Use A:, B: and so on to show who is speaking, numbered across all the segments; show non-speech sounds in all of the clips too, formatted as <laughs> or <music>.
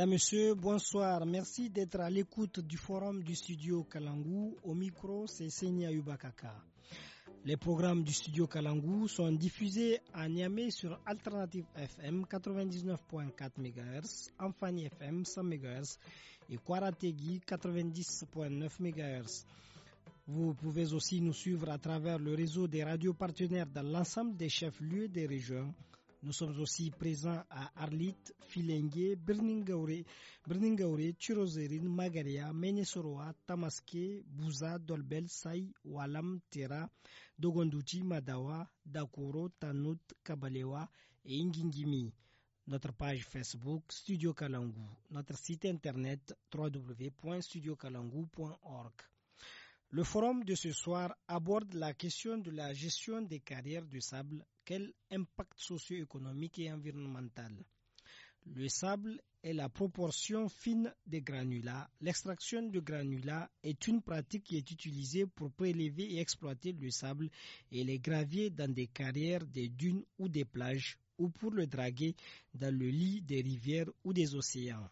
A: Mesdames, Messieurs, bonsoir. Merci d'être à l'écoute du forum du studio Kalangou. Au micro, c'est Senia Ubakaka. Les programmes du studio Kalangou sont diffusés à Niamey sur Alternative FM 99.4 MHz, Amphani FM 100 MHz et Kwarategi 90.9 MHz. Vous pouvez aussi nous suivre à travers le réseau des radios partenaires dans l'ensemble des chefs-lieux des régions nous sommes aussi présents à Arlit, Filengue, Birningaure, Tchirozerine, Magaria, Menesoroa, Tamaske, Bouza, Dolbel, Sai, Walam, Tera, Madawa, Dakoro, Tanout, Kabalewa et Ngingimi notre page Facebook Studio Kalangu, notre site internet www.studiokalangu.org. Le forum de ce soir aborde la question de la gestion des carrières de sable. Quel impact socio-économique et environnemental Le sable est la proportion fine des granulats. L'extraction de granulats est une pratique qui est utilisée pour prélever et exploiter le sable et les graviers dans des carrières, des dunes ou des plages ou pour le draguer dans le lit des rivières ou des océans.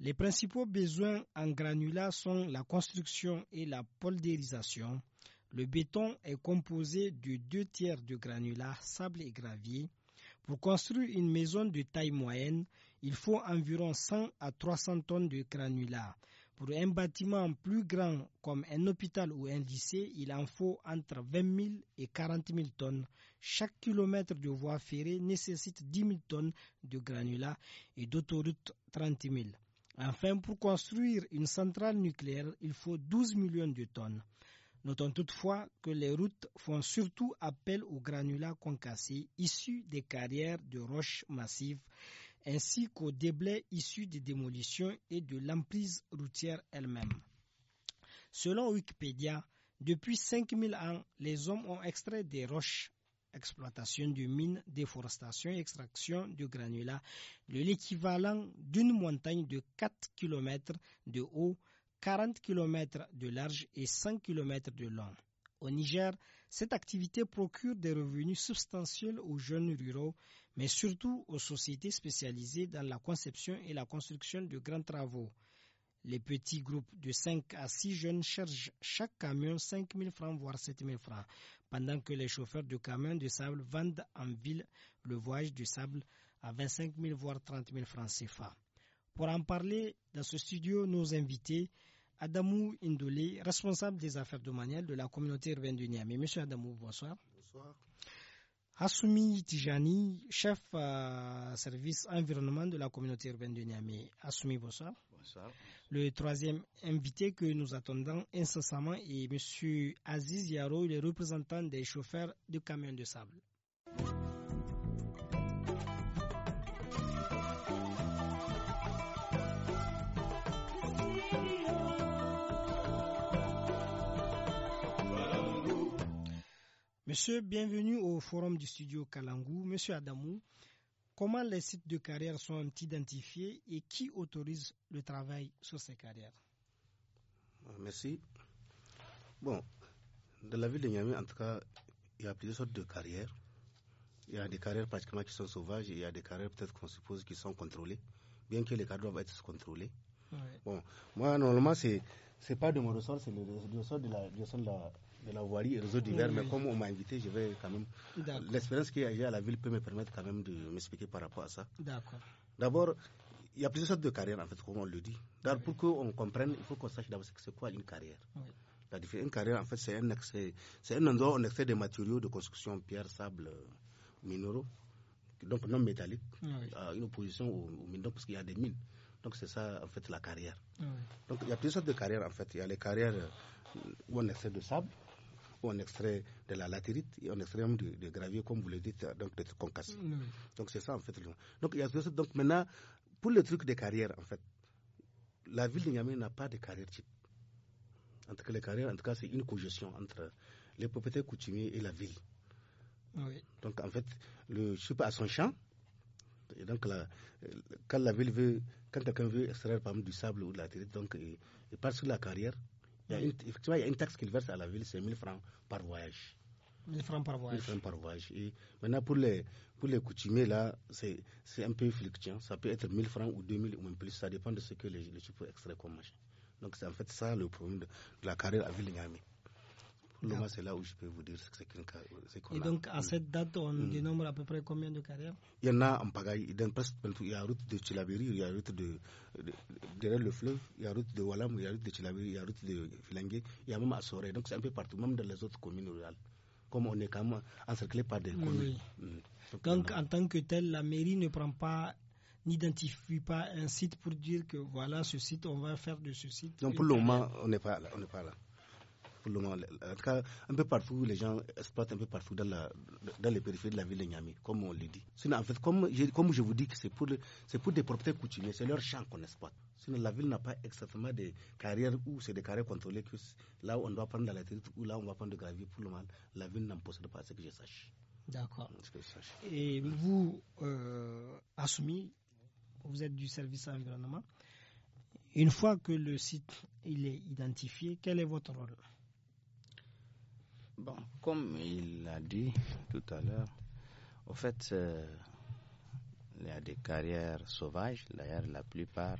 A: Les principaux besoins en granulats sont la construction et la poldérisation. Le béton est composé de deux tiers de granulats, sable et gravier. Pour construire une maison de taille moyenne, il faut environ 100 à 300 tonnes de granulats. Pour un bâtiment plus grand comme un hôpital ou un lycée, il en faut entre 20 000 et 40 000 tonnes. Chaque kilomètre de voie ferrée nécessite 10 000 tonnes de granulats et d'autoroute 30 000. Enfin, pour construire une centrale nucléaire, il faut 12 millions de tonnes. Notons toutefois que les routes font surtout appel aux granulats concassés issus des carrières de roches massives ainsi qu'aux déblais issus des démolitions et de l'emprise routière elle-même. Selon Wikipédia, depuis 5000 ans, les hommes ont extrait des roches exploitation de mines, déforestation et extraction de granulats, l'équivalent d'une montagne de 4 km de haut, 40 km de large et 5 km de long. Au Niger, cette activité procure des revenus substantiels aux jeunes ruraux, mais surtout aux sociétés spécialisées dans la conception et la construction de grands travaux. Les petits groupes de 5 à 6 jeunes chargent chaque camion 5 000 francs, voire 7 000 francs, pendant que les chauffeurs de camions de sable vendent en ville le voyage du sable à 25 000, voire 30 000 francs CFA. Pour en parler, dans ce studio, nos invités, Adamou Indolé, responsable des affaires domaniales de la communauté urbaine de Niamey. Monsieur Adamou, bonsoir. Bonsoir. Assoumi Tijani, chef euh, service environnement de la communauté urbaine de Niamey. Assoumi, bonsoir. Le troisième invité que nous attendons incessamment est M. Aziz Yaro, le représentant des chauffeurs de camions de sable. Monsieur, bienvenue au forum du studio Kalangou. Monsieur Adamou, Comment les sites de carrière sont identifiés et qui autorise le travail sur ces carrières
B: euh, Merci. Bon, dans la ville de Niamey, en tout cas, il y a plusieurs sortes de carrières. Il y a des carrières pratiquement qui sont sauvages et il y a des carrières peut-être qu'on suppose qui sont contrôlées, bien que les carrières doivent être contrôlées. Bon, moi, normalement, c'est n'est pas de mon ressort, c'est le, ressort de la, ressort de la la voirie réseaux divers, mais comme on m'a invité, je vais quand même. L'expérience que j'ai à la ville peut me permettre quand même de m'expliquer par rapport à ça. D'accord. D'abord, il y a plusieurs sortes de carrières, en fait, comme on le dit. D'abord, pour qu'on comprenne, il faut qu'on sache d'abord c'est quoi une carrière. La une carrière, en fait, c'est un excès, c'est un endroit où on extrait des matériaux de construction, pierre, sable, euh, minéraux, donc non métalliques, à une opposition aux, parce qu'il y a des mines. Donc c'est ça en fait la carrière. Donc il y a plusieurs sortes de carrières en fait. Il y a les carrières euh, où on extrait de sable, on extrait de la latérite et on extrait même du, gravier, comme vous le dites, donc de mm. Donc c'est ça en fait. Donc, il y a, donc maintenant, pour le truc des carrières, en fait, la ville de Niamey n'a pas de carrière type. En tout cas, les carrières, en tout cas, c'est une congestion entre les propriétaires coutumiers et la ville. Donc, en fait, le chip a son champ. Et donc, quand la ville veut, quand quelqu'un veut extraire par du sable ou de la latérite, donc, il, il part sur la carrière il y a une, effectivement, il y a une taxe qu'il verse à la ville, c'est 1000 francs par voyage.
A: 1000 francs par voyage. 1000
B: francs par voyage. Et maintenant, pour les, pour coutumiers, là, c'est un peu fluctuant. Ça peut être 1000 francs ou 2000 ou même plus. Ça dépend de ce que les, les extraits comme machin. Donc, c'est en fait ça le problème de, la carrière à Ville-Niamey c'est là où je peux vous dire ce qu'on Et donc, à
A: mm. cette date, on mm. dénombre à peu près combien de carrières
B: Il y en a en pagaille. Il y a route de Chilabiri, il y a route de, derrière le fleuve, il y a route de Walam, il y a route de Chilabiri, il y a route de Filangé, il y a même à Soré. Donc, c'est un peu partout, même dans les autres communes rurales comme on est quand même encerclé par des communes. Mm.
A: Donc, en tant que tel, la mairie ne prend pas, n'identifie pas un site pour dire que voilà, ce site, on va faire de ce site. Donc, pour le moment,
B: on n'est pas là. On n'est pas là le En tout cas, un peu partout, les gens exploitent un peu partout dans, les périphéries de la ville de Niamey, comme on le dit. Sinon, en fait, comme, comme je vous dis que c'est pour, pour des propriétaires coutumiers, c'est leur champ qu'on exploite. Sinon, la ville n'a pas exactement des carrières où c'est des carrières contrôlées, que là où on doit prendre de la terre ou là où on va prendre de gravier pour le moment. La ville n'en possède pas, ce que je sache. D'accord.
A: Et vous, euh, Assoumi, vous êtes du service environnement. Une fois que le site il est identifié, quel est votre rôle
C: Bon, comme il l'a dit tout à l'heure, au fait, euh, il y a des carrières sauvages. D'ailleurs, la plupart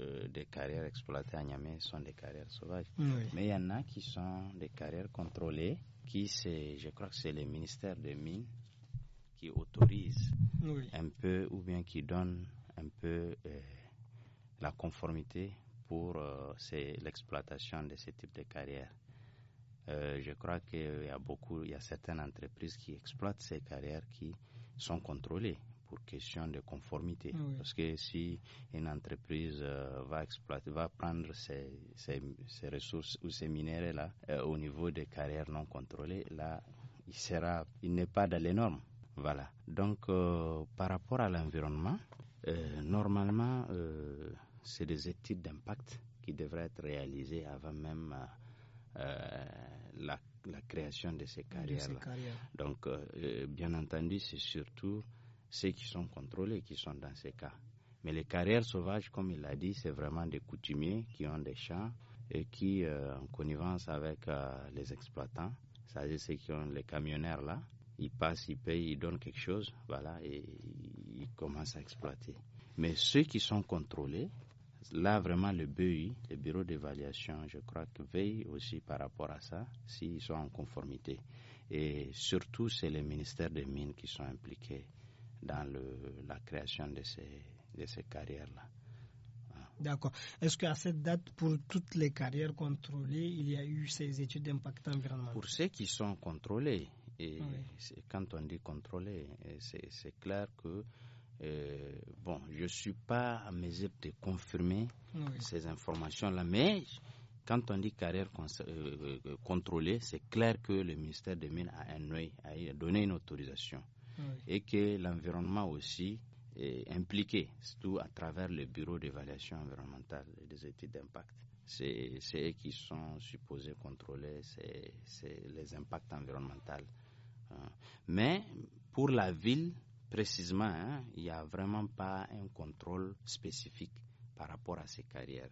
C: euh, des carrières exploitées à Niamey sont des carrières sauvages. Mais il y en a qui sont des carrières contrôlées, qui c'est, je crois que c'est le ministère des Mines qui autorise un peu ou bien qui donne un peu euh, la conformité pour l'exploitation de ce type de carrières. Euh, je crois qu'il euh, y a beaucoup, il y a certaines entreprises qui exploitent ces carrières qui sont contrôlées pour question de conformité. Ah Parce que si une entreprise euh, va exploiter, va prendre ces, ressources ou ces minéraux-là au niveau des carrières non contrôlées, là, il sera, il n'est pas dans les normes. Voilà. Donc, par rapport à l'environnement, normalement, c'est des études d'impact qui devraient être réalisées avant même euh, la, création de ces carrières-là. Donc, euh, euh, bien entendu, c'est surtout ceux qui sont contrôlés qui sont dans ces cas. Mais les carrières sauvages, comme il l'a dit, c'est vraiment des coutumiers qui ont des champs et qui, en connivence avec les exploitants, c'est-à-dire ceux qui ont les camionnaires là, ils passent, ils payent, ils donnent quelque chose, voilà, et ils commencent à exploiter. Mais ceux qui sont contrôlés, Là, vraiment, le BEI, le bureau d'évaluation, je crois que veille aussi par rapport à ça, s'ils sont en conformité. Et surtout, c'est les ministères des Mines qui sont impliqués dans le, la création de ces, de ces carrières-là.
A: D'accord. Est-ce qu'à cette date, pour toutes les carrières contrôlées, il y a eu ces études d'impact environnemental Pour
C: ceux qui sont contrôlés, et quand on dit contrôlés, c'est clair que euh, bon, je ne suis pas à mesure de confirmer ces informations-là, mais quand on dit carrière euh, euh, contrôlée, c'est clair que le ministère des Mines a, un a donné une autorisation et que l'environnement aussi est impliqué, surtout à travers le bureau d'évaluation environnementale et des études d'impact. C'est eux qui sont supposés contrôler c'est les impacts environnementaux. Hein. Mais pour la ville, précisément, hein, il n'y a vraiment pas un contrôle spécifique par rapport à ces carrières.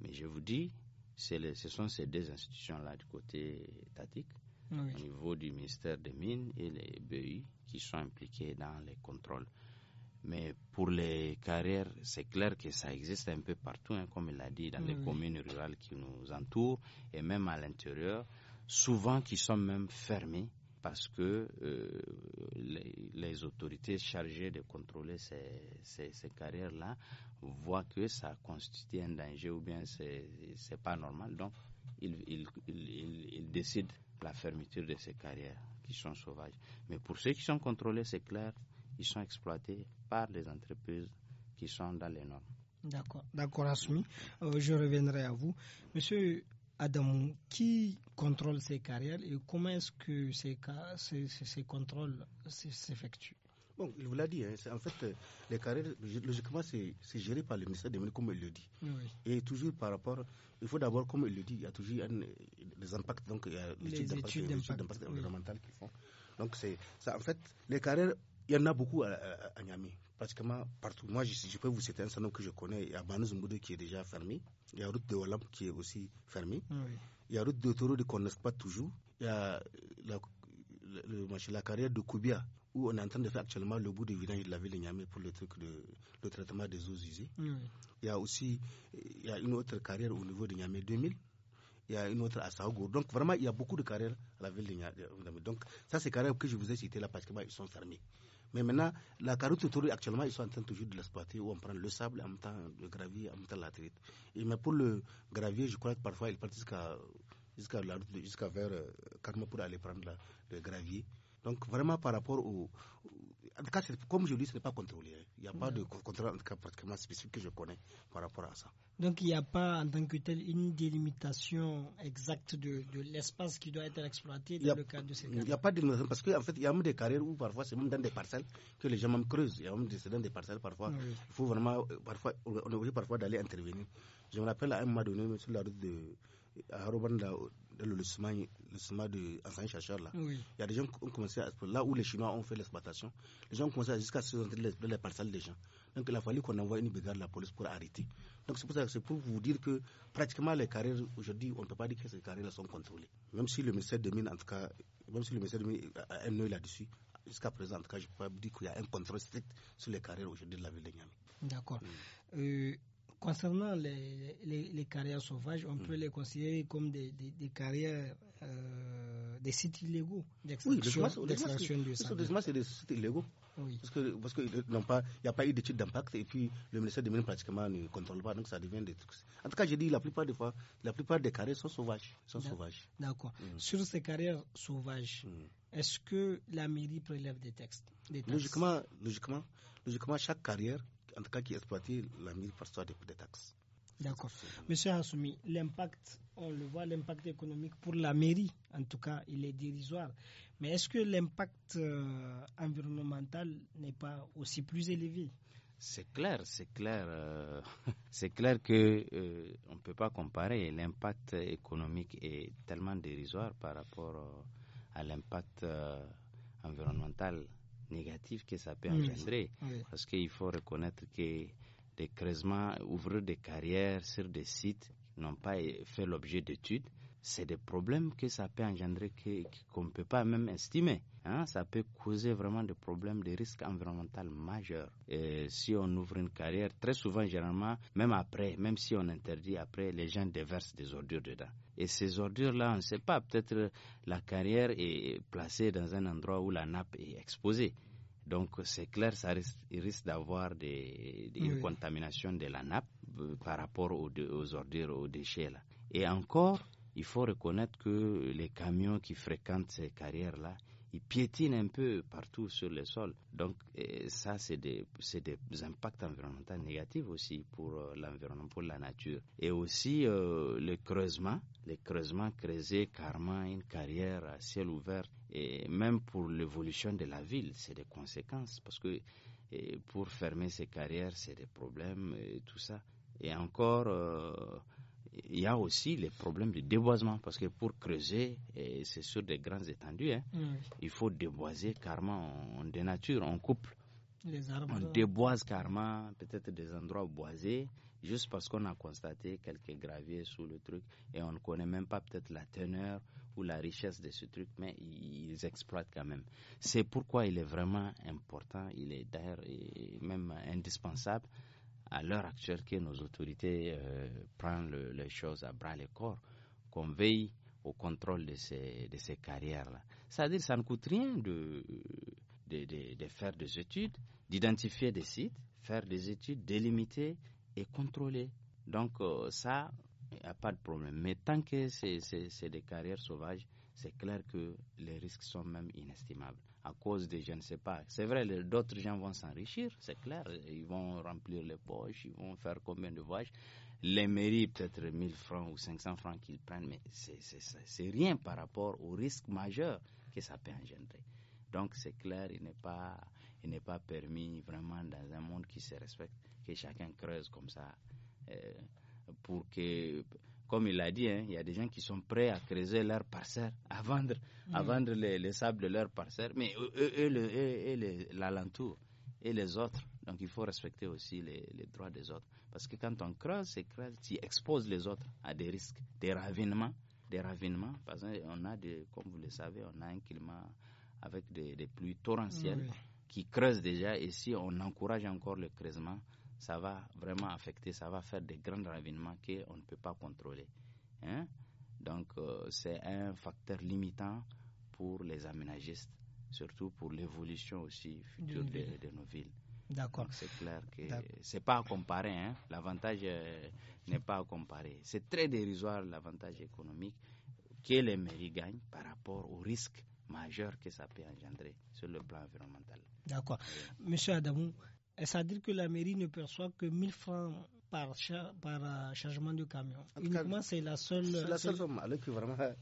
C: Mais je vous dis, ce sont ces deux institutions-là du côté étatique, au niveau du ministère des Mines et les BU, qui sont impliquées dans les contrôles. Mais pour les carrières, c'est clair que ça existe un peu partout, hein, comme il l'a dit, dans les communes rurales qui nous entourent et même à l'intérieur, souvent qui sont même fermées parce que euh, les, autorités chargées de contrôler ces, carrières-là voient que ça constitue un danger ou bien c'est pas normal. Donc, ils, décident la fermeture de ces carrières qui sont sauvages. Mais pour ceux qui sont contrôlés, c'est clair, ils sont exploités par des entreprises qui sont dans les normes.
A: D'accord, d'accord, Asmi. Euh, je reviendrai à vous. Monsieur Adam, qui contrôle ces carrières et comment est-ce que ces, ces, ces contrôles s'effectuent
B: Bon, il vous l'a dit, hein, en fait, euh, les carrières, logiquement, c'est géré par le ministère des Mines, comme il le dit. Et toujours par rapport, il faut d'abord, comme il le dit, il y a toujours des les impacts, donc il y a l'étude d'impact environnemental qu'ils font. Donc, c'est ça, en fait, les carrières il y en a beaucoup à, à, pratiquement partout. Moi, je, peux vous citer un salon que je connais. Il y a Banous qui est déjà fermé. Il y a Route de Wallam qui est aussi fermée. Ah il y a Route de Toro qu'on ne pas toujours. Il y a la, carrière de Koubia où on est en train de faire actuellement le bout du village de la ville de Niamey pour le, truc de, le traitement des eaux usées. Ah il y a aussi une autre carrière au niveau de Niamey 2000 il y a une autre à Gour. Donc vraiment, il y a beaucoup de carrières à la ville de Niamey. Donc ça, c'est carrières que je vous ai cité là, parce que bah, ils sont fermés. Mais maintenant, la carotte autour, actuellement, ils sont en train toujours de l'exploiter où on prend le sable en temps le gravier, en temps la trite. mais pour le gravier, je crois que parfois ils partent jusqu'à jusqu'à la route, jusqu'à vers euh, pour aller prendre la, le gravier. Donc vraiment par rapport au... En tout cas, comme je dis, ce n'est pas contrôlé. Hein. Il n'y a pas de contrôle, en tout cas pratiquement spécifique que je connais par rapport à ça.
A: Donc il n'y a pas en tant que tel une délimitation exacte de, de l'espace qui doit être exploité dans le cadre de
B: ces carrières. Il n'y a pas de délimitation parce qu'en fait il y a même des carrières où parfois c'est même dans des parcelles que les gens même creusent. Il y a même des, dans des parcelles parfois. Il faut vraiment euh, parfois on est obligé parfois d'aller intervenir. Je me rappelle à un moment donné monsieur la de à Robanda, le semain le de ancien chercheur là, il y a des gens qui ont commencé à là où les Chinois ont fait l'exploitation, les gens ont commencé jusqu'à se rentrer dans les parcelles des gens. Donc il a fallu qu'on envoie une brigade de la police pour arrêter. Donc c'est pour ça c'est pour vous dire que pratiquement les carrières aujourd'hui, on ne peut pas dire que ces carrières sont contrôlées. Même si le ministère de Mines, en tout cas, même si le ministère de Mines a un œil là-dessus, jusqu'à présent, en tout cas, je peux vous dire qu'il y a un contrôle strict sur les carrières aujourd'hui de la ville de Niamey.
A: D'accord. Mm. Euh, Concernant les, les, carrières sauvages, on mm. peut les considérer comme des, des, des carrières, euh, des sites illégaux d'extraction oui, du sable. c'est des
B: sites illégaux. Parce qu'il parce que n'y a pas eu d'étude d'impact et puis le ministère des Mines pratiquement ne contrôle pas, donc ça devient des trucs. En tout cas, j'ai dit la plupart des fois, la plupart des carrières sont sauvages. Sont sauvages.
A: D'accord. Mm. Sur ces carrières sauvages, mm. est-ce que la mairie prélève des
B: textes, Logiquement, logiquement, logiquement, chaque carrière en tout cas qui exploitent la mise par soi des, taxes.
A: D'accord. Monsieur Hassoumi, l'impact, on le voit, l'impact économique pour la mairie, en tout cas, il est dérisoire. Mais est-ce que l'impact euh, environnemental n'est pas aussi plus élevé
C: C'est clair, c'est clair. Euh, <laughs> c'est clair que euh, on ne peut pas comparer. L'impact économique est tellement dérisoire par rapport à l'impact environnemental négatif que ça peut mm. engendrer. Parce qu'il faut reconnaître que des creusements, ouvre des carrières sur des sites n'ont pas fait l'objet d'études c'est des problèmes que ça peut engendrer qu'on ne peut pas même estimer. Hein? Ça peut causer vraiment des problèmes, de risques environnementaux majeurs. si on ouvre une carrière, très souvent, généralement, même après, même si on interdit après, les gens déversent des ordures dedans. Et ces ordures-là, on ne sait pas, peut-être la carrière est placée dans un endroit où la nappe est exposée. Donc c'est clair, ça risque, d'avoir des, contamination de la nappe euh, par rapport aux, aux ordures, aux déchets. Là. Et encore, il faut reconnaître que les camions qui fréquentent ces carrières-là, ils piétinent un peu partout sur le sol. Donc eh, ça, c'est des, des, impacts environnementaux négatifs aussi pour euh, l'environnement, pour la nature. Et aussi euh, le creusement, les creusements creuser carrément une carrière à ciel ouvert. Et même pour l'évolution de la ville, c'est des conséquences parce que eh, pour fermer ces carrières, c'est des problèmes et tout ça. Et encore... Euh, il y a aussi les problèmes de déboisement, parce que pour creuser, c'est sur des grandes étendues, hein, il faut déboiser carrément, on dénature, on coupe.
A: On
C: déboise carrément, peut-être des endroits boisés, juste parce qu'on a constaté quelques graviers sous le truc et on ne connaît même pas peut-être la teneur ou la richesse de ce truc, mais ils exploitent quand même. C'est pourquoi il est vraiment important, il est d'ailleurs même indispensable à l'heure actuelle que nos autorités euh, prennent les choses à bras le corps, qu'on veille au contrôle de ces, de carrières-là. C'est-à-dire ça ne coûte rien de, faire des études, d'identifier des sites, faire des études, délimiter et contrôler. Donc euh, ça, il n'y a pas de problème. Mais tant que c'est des carrières sauvages, c'est clair que les risques sont même inestimables à cause de je ne sais pas. C'est vrai, d'autres gens vont s'enrichir, c'est clair. Ils vont remplir les poches, ils vont faire combien de voyages. Les mairies, peut-être 1000 francs ou 500 francs qu'ils prennent, mais c'est rien par rapport au risque majeur que ça peut engendrer. Donc c'est clair, il n'est pas, il n'est pas permis vraiment dans un monde qui se respecte que chacun creuse comme ça euh, pour que comme il l'a dit, hein, il y a des gens qui sont prêts à creuser leur parcelle, à vendre, à mm. vendre les, sables de leur parcelle, mais eux, eux, l'alentour et les autres. Donc il faut respecter aussi les, droits des autres. Parce que quand on creuse, c'est creuse, tu exposes les autres à des risques, des ravinements, des ravinements. exemple, on a, comme vous le savez, on a un climat avec des, pluies torrentielles qui creusent déjà. Et si on encourage encore le creusement, ça va vraiment affecter, ça va faire des grands ravinements qu'on ne peut pas contrôler. Hein. Donc euh, c'est un facteur limitant pour les aménagistes, surtout pour l'évolution aussi future de, nos villes. D'accord. C'est clair que c'est pas à comparer. Hein. L'avantage euh, n'est pas à comparer. C'est très dérisoire l'avantage économique que les mairies gagnent par rapport au risque majeur que ça peut engendrer sur le plan environnemental.
A: D'accord. Monsieur Adamou, c'est-à-dire que la mairie ne perçoit que 1000 francs par, euh, chargement de camion.
B: Uniquement, c'est la seule. C'est la euh, seule somme. Alors que vraiment. Euh,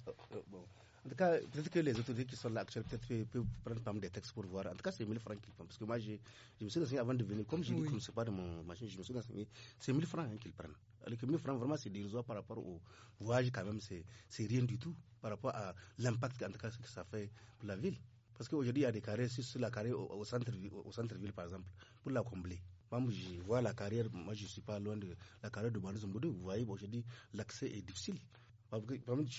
B: en tout cas, peut-être que les autorités qui sont là actuellement peuvent, prendre des textes pour voir. En tout cas, c'est 1000 francs qu'ils prennent. Parce que moi, je, je me suis renseigné avant de venir. Comme je oui. sais c'est pas de mon machine, je me suis renseigné. C'est 1000 francs hein, qu'ils prennent. Alors que 1000 francs, vraiment, c'est dérisoire par rapport au voyage, quand même, c'est rien du tout par rapport à l'impact, en tout cas, que ça fait pour la ville. Parce qu'aujourd'hui, il y a des carrières sur la carrière au, centre-ville, par exemple, pour la combler. Moi, je vois la carrière, moi, je ne suis pas loin de la carrière de Manus Vous voyez, aujourd'hui, l'accès est difficile.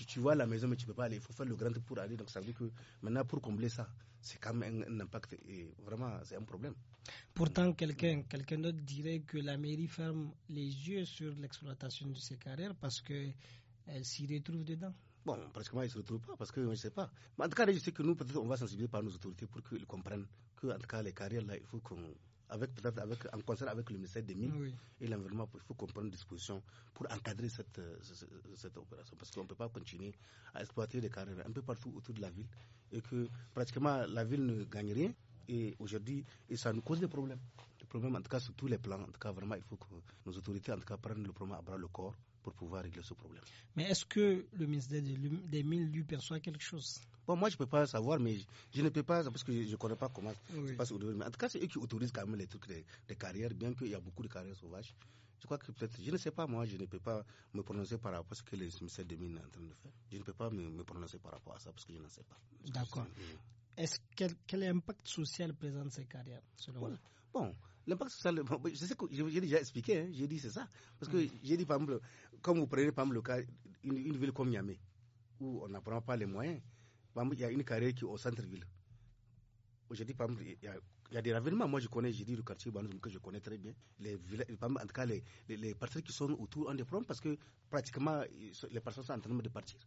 B: tu, vois la maison, mais tu ne peux pas aller. Il faut faire le grand pour aller. Donc, ça veut dire que maintenant, pour combler ça, c'est quand même un, impact et vraiment, c'est un problème.
A: Pourtant, quelqu'un quelqu'un d'autre dirait que la mairie ferme les yeux sur l'exploitation de ces carrières parce qu'elle euh, s'y retrouve dedans.
B: Bon, euh. pratiquement, ils ne se retrouvent pas parce que je ne sais pas. Mais en tout cas, je sais que nous, peut-être, on va sensibiliser par nos autorités pour qu'ils comprennent que, en tout cas, les carrières, là, il faut qu'on. Avec, peut-être avec, en concert avec le ministère des Mines et l'environnement, il faut qu'on prenne des pour encadrer cette, cette, opération. Parce qu'on ne peut pas continuer à exploiter des carrières un peu partout autour de la ville et que pratiquement la ville ne gagne rien. Et aujourd'hui, et ça nous cause des problèmes. Des problèmes, en tout cas, sur tous les plans. En tout cas, vraiment, il faut que nos autorités, en tout cas, prennent le problème à bras le corps pour pouvoir régler ce problème. Mais est-ce que le ministère des Mines lui perçoit quelque chose Bon, moi, je ne peux pas savoir, mais je, ne peux pas, parce que je ne connais pas comment en tout cas, c'est eux qui autorisent quand même les trucs des, carrières, bien qu'il y a beaucoup de carrières sauvages. Je crois que peut-être, je ne sais pas, moi, je ne peux pas me prononcer par rapport à ce que le ministère des Mines est en train de faire. Je ne peux pas me, prononcer par rapport à ça, parce que je n'en sais pas.
A: D'accord. quel, impact social présente ces carrières, selon vous
B: bon, je sais que j'ai déjà expliqué, hein, j'ai dit c'est ça. Parce que mm. j'ai dit, par exemple, comme vous prenez par exemple le cas, une, ville comme Niamey, où on n'apprend pas les moyens, par exemple, il y a une carrière qui est au centre-ville. Aujourd'hui, par exemple, il y a il y a des ravénements. Moi, je connais, j'ai dit le quartier que je connais très bien. Les en tout cas, les, les, qui sont autour ont des problèmes parce que pratiquement, les personnes sont en train de partir.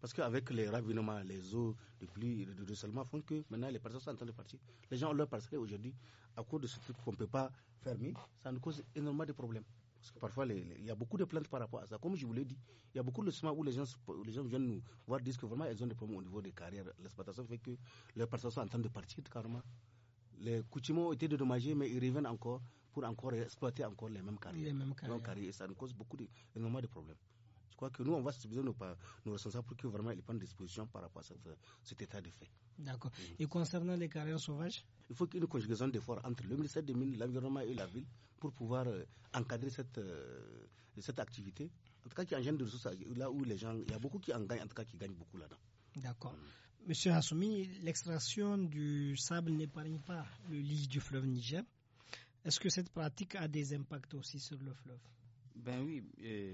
B: Parce qu'avec les ravinements, les eaux les pluies le ruissellement font que maintenant les personnes sont en train de partir. Les gens ont leur parcelle aujourd'hui à cause de ce truc qu'on ne peut pas fermer. Ça nous cause énormément de problèmes. Parce que parfois, il y a beaucoup de plaintes par rapport à ça. Comme je vous l'ai dit, il y a beaucoup de semences où les gens, viennent nous voir, disent que vraiment, elles ont des problèmes au niveau des carrières. L'exploitation fait que les personnes sont en train de partir carrément les coutumes ont été dédommagés, mais ils reviennent encore pour encore exploiter encore les mêmes carrières. Les mêmes carrières. Et ça nous cause beaucoup de, énormément de problèmes. Je crois que nous, on va subir nos, nos responsables pour que vraiment ils prennent des dispositions par rapport à cet état de fait.
A: D'accord. Mm.
B: Et concernant les carrières sauvages Il faut qu'il y ait une conjugaison d'efforts entre le ministère des Mines, l'environnement et la ville pour pouvoir euh, encadrer cette, euh, cette activité. En tout cas, qui engendre des ressources là où les gens. Il y a beaucoup qui en gagnent, en tout cas, qui gagnent beaucoup là-dedans.
A: D'accord. Mm. Monsieur Hassoumi, l'extraction du sable n'épargne pas le lit du fleuve Niger. Est-ce que cette pratique a des impacts aussi sur le fleuve
C: Ben oui,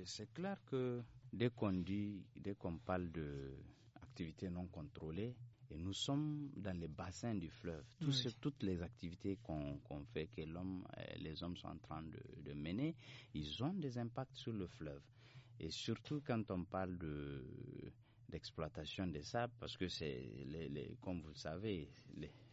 C: c'est clair que dès qu'on dit, dès qu'on parle d'activités non contrôlées, et nous sommes dans les bassins du fleuve. toutes les activités qu'on fait, que euh, les hommes sont en train de, mener, ils ont des impacts sur le fleuve. Et surtout quand on parle de d'exploitation des sables parce que c'est les, comme vous le savez